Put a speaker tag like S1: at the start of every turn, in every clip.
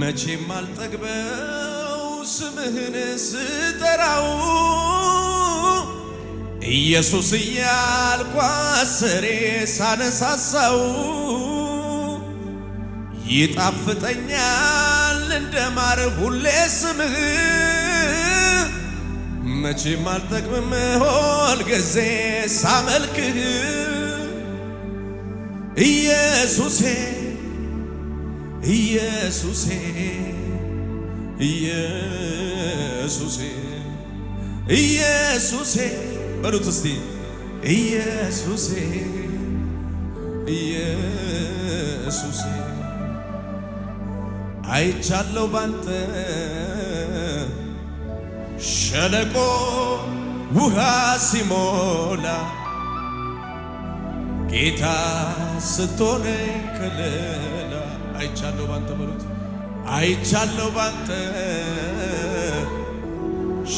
S1: መቼም አልጠግበው ስምህን ስጠራው ኢየሱስ እያልኩ ሳነሳሳው ይጣፍጠኛል እንደ ማር ሁሌ ስምህ መቼም አልጠግብም ጊዜ ሳመልክህ ኢየሱሴ ኢየሱሴ ኢየሱሴ ኢየሱሴ በሉት እስቲ ኢየሱሴ ኢየሱሴ አይቻለው ባንተ ሸለቆ ውሃ ሲሞላ ጌታ ስትሆነኝ ከለ አይቻለሁ ባንተ በሉት አይቻለሁ ባንተ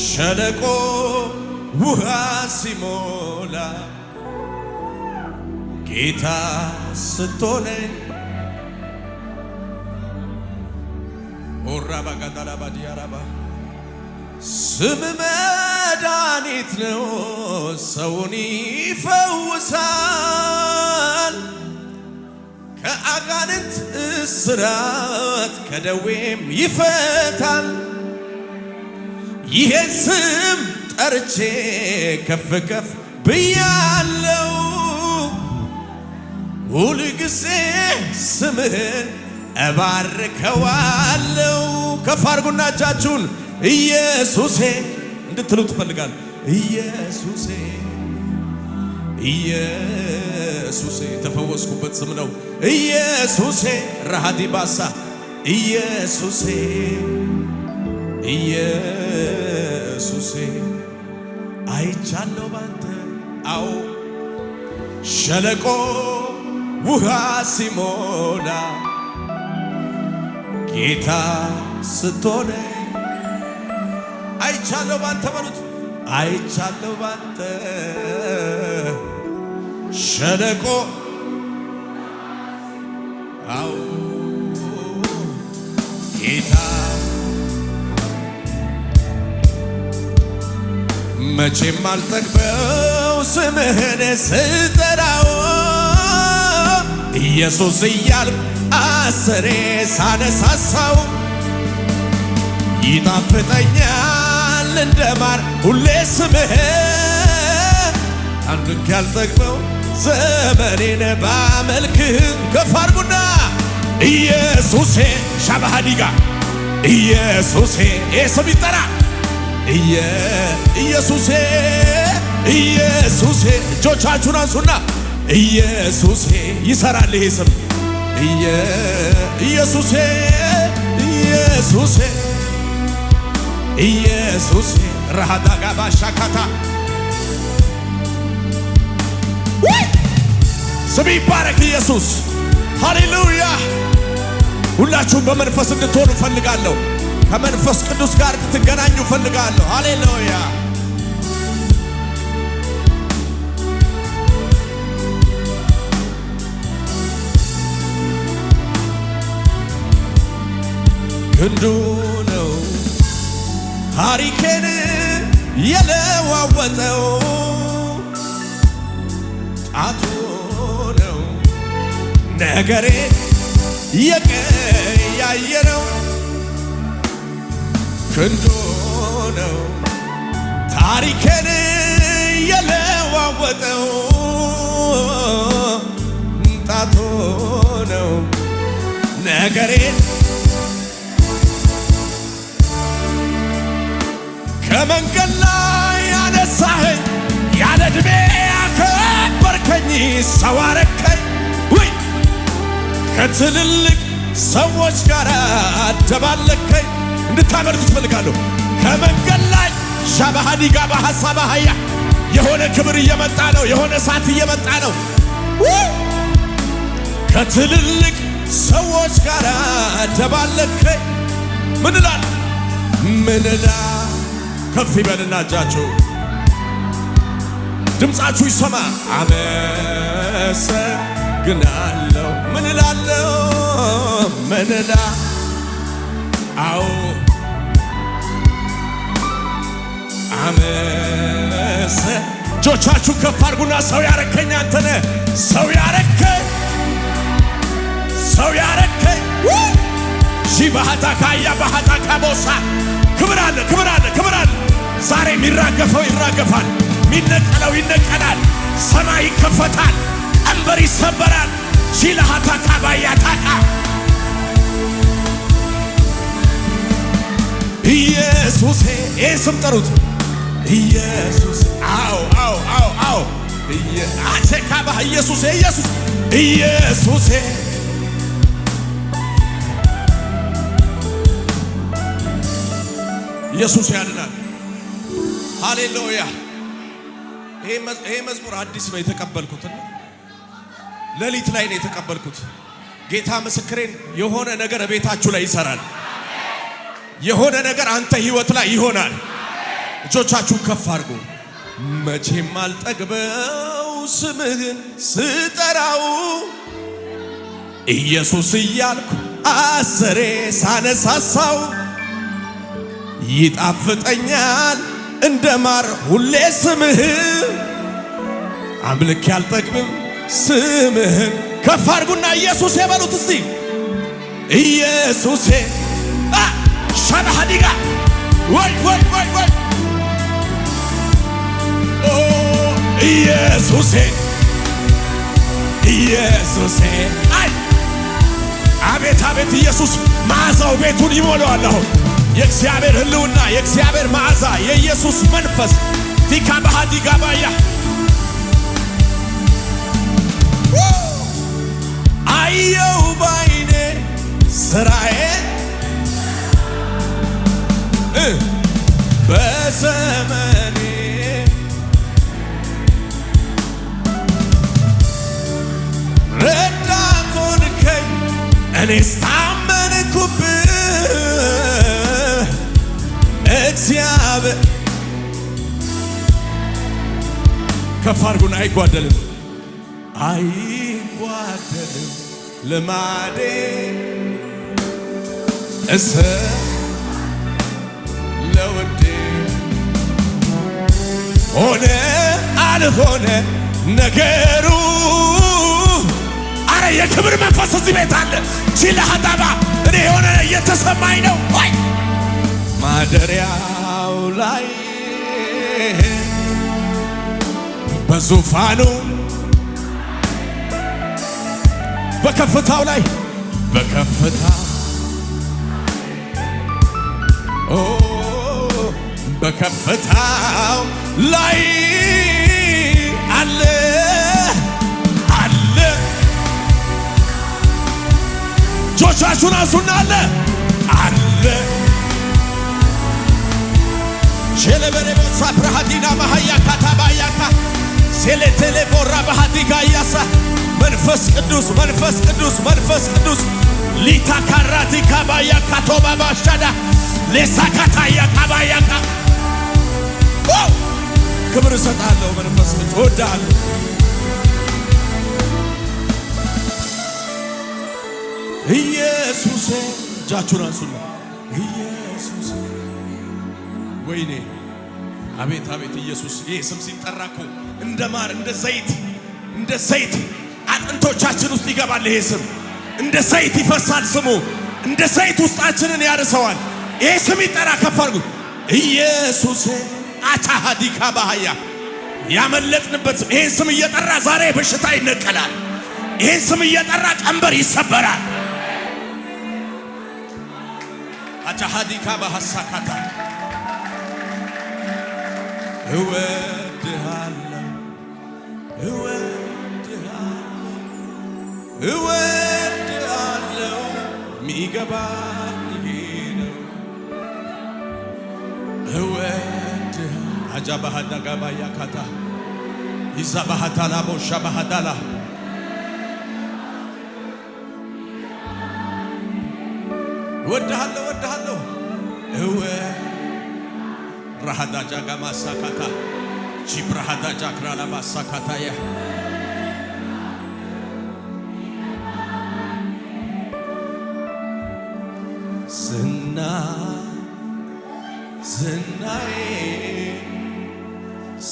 S1: ሸለቆ ውሃ ሲሞላ ጌታ ስትሆነ ኦራባ ጋዳራባ ዲያራባ ስም መድኃኒት ነው፣ ሰውን ይፈውሳል ከአጋንንት ከእስራት ከደዌም ይፈታል። ይሄን ስም ጠርቼ ከፍ ከፍ ብያለው። ሁል ጊዜ ስምህን እባርከዋለው። ከፍ አርጉና እጃችሁን ኢየሱሴ እንድትሉ ትፈልጋል ኢየሱሴ ኢየሱሴ ተፈወስኩበት ስም ነው። ኢየሱሴ ረሃዲ ባሳ ኢየሱሴ ኢየሱሴ አይቻለሁ ባንተ አዎ ሸለቆ ውሃ ሲሞላ ጌታ ስትሆነ አይቻለሁ ባንተ በሉት አይቻለሁ ባንተ ሸለቆ አው ጌታ መቼም አልጠግበው ስምህን ስጠራው ኢየሱስ እያልኩ አስሬ ሳነሳሳው ይጣፍጠኛል እንደማር ሁሌ ስምህ አንዱን ያልጠግበው ዘመኔን ባመልክህ ገፋርቡና ኢየሱሴ ሻባሃዲጋ ኢየሱሴ የሰብ ይጠራ ኢየሱሴ ኢየሱሴ እጆቻችሁን አንሱና ኢየሱሴ ይሰራል ይሄ ስም ኢየሱሴ ኢየሱሴ ኢየሱሴ ረሃዳጋ ባሻካታ ስም ይባረክ ኢየሱስ። ሃሌሉያ! ሁላችሁም በመንፈስ እንድትሆኑ እፈልጋለሁ። ከመንፈስ ቅዱስ ጋር እንድትገናኙ እፈልጋለሁ። ሃሌሉያ! ክንዱ ነው ታሪኬን የለዋወጠው ሰዓቱ ነው ነገሬ የቀያየረው ክንዶ ነው ታሪክን የለዋወጠው ጣቱ ነው ነገሬ ሰው አረከኝ ወይ ከትልልቅ ሰዎች ጋር አደባለከኝ። እንድታመልኩ ትፈልጋለሁ። ከመንገድ ላይ ሻባሃዲ ጋባ ሀሳብ አህያ የሆነ ክብር እየመጣ ነው። የሆነ እሳት እየመጣ ነው። ከትልልቅ ሰዎች ጋር አደባለከኝ። ምንላል እላለሁ? ከፍ ይበልና እጃችሁ ድምፃችሁ ይሰማ። አመሰግናለሁ ምን እላለሁ ምን እላ አዎ አመሰ እጆቻችሁ ከፍ አድርጉና ሰው ያረከኝ አንተነ ሰው ያረከኝ ሰው ያረከኝ ሺ ባህታ ካያ ባህታ ካቦሳ ክብር አለ ክብር አለ ክብር አለ ዛሬ የሚራገፈው ይራገፋል። ሚነቀለው ይነቀላል። ሰማይ ይከፈታል። ቀንበር ይሰበራል። ሺላሃታ ካባያ ታቃ ይህን ስም ጠሩት። ኢየሱስ አው አው አው አው አቼ ካባ ኢየሱስ ኢየሱስ ኢየሱስ ኢየሱስ ያድናል። ሃሌሉያ ይሄ መዝሙር አዲስ ነው የተቀበልኩት፣ ሌሊት ላይ ነው የተቀበልኩት። ጌታ ምስክሬን፣ የሆነ ነገር ቤታችሁ ላይ ይሰራል። የሆነ ነገር አንተ ህይወት ላይ ይሆናል። እጆቻችሁን ከፍ አድርጉ። መቼም አልጠግበው ስምህን ስጠራው ኢየሱስ እያልኩ አስሬ ሳነሳሳው ይጣፍጠኛል እንደ ማር ሁሌ ስምህን አምልክ ያልጠግብም ስምህን ከፍ አድርጉና ኢየሱስ የበሉት እስቲ ኢየሱሴ ሻናሃዲጋ ወይ ወይ ወይ ወይ ኢየሱሴ ኢየሱሴ አይ አቤት አቤት ኢየሱስ መዓዛው ቤቱን ይሞላዋል አሁን የእግዚአብሔር ህልውና፣ የእግዚአብሔር መዓዛ፣ የኢየሱስ መንፈስ ፊካ ባህዲ ጋባያ አየው ባይኔ ስራዬ በዘመኔ ረዳት ሆንከኝ እግዚአብሔር ከፍ አድርጉን። አይጓደልም አይጓደልም ልማዴ እሰ ለውዴ ሆነ አልሆነ ነገሩ አረ የክብር መንፈስ እዚህ ቤት አለ። ቺ ለሀጣባ እኔ የሆነ እየተሰማኝ ነው በማደሪያው ላይ በዙፋኑ በከፍታው ላይ በከፍታ በከፍታው ላይ አለ አለ እጆቻችሁን አሱና አለ ሸለበረቦሳ ብርሃዲና ማሃያ ካታባያካ ሴሌቴሌቦራ ባህዲጋ ያሳ መንፈስ ቅዱስ መንፈስ ቅዱስ መንፈስ ቅዱስ ሊታካራቲካ ባያ ካቶባባ ሻዳ ሌሳካታያ ካባያካ ክብር እሰጣለሁ። መንፈስ ቅዱስ እወዳለሁ። ኢየሱሴ እጃችሁን አንሱና ኢየሱሴ ወይኔ አቤት አቤት ኢየሱስ ይህ ስም ሲጠራ እኮ እንደ ማር እንደ ዘይት እንደ ዘይት አጥንቶቻችን ውስጥ ይገባል። ይሄ ስም እንደ ዘይት ይፈሳል። ስሙ እንደ ዘይት ውስጣችንን ያርሰዋል። ይሄ ስም ይጠራ። ከፍ አድርጉት። ኢየሱስ አቻሃዲካ ባህያ ያመለጥንበት ስም። ይሄን ስም እየጠራ ዛሬ በሽታ ይነቀላል። ይሄን ስም እየጠራ ቀንበር ይሰበራል። አቻሃዲካ ባህሳካታ እወድሃለሁ እወድሃለሁ እወድሃለሁ ሚገባኝ ነው አጃ ባህዳ ጋባያ ይዛ ባህታላ ቦሻ ባህዳላ እወድሃለሁ እወድሃለሁ ራሃዳ ጃጋ ማሳካታ ጂብ ጃክራላ ማሳካታ ያ ዝና ዝናዬ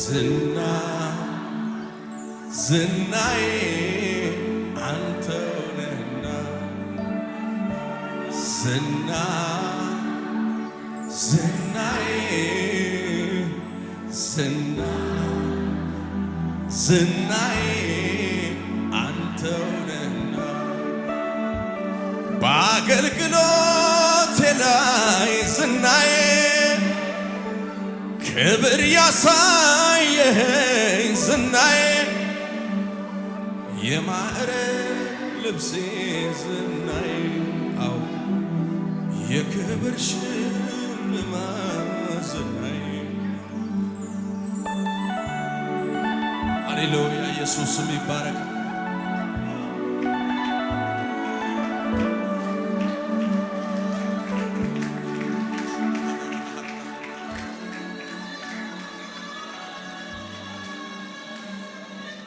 S1: ዝና ዝናዬ አንተውንና ዝና ዝናዬ ላይ ክብር ያሳየኸኝ ዝናዬ የማዕረግ ልብሴ ዝናዬ አው የክብር ሃሌሉያ! ኢየሱስ ስም ይባረክ።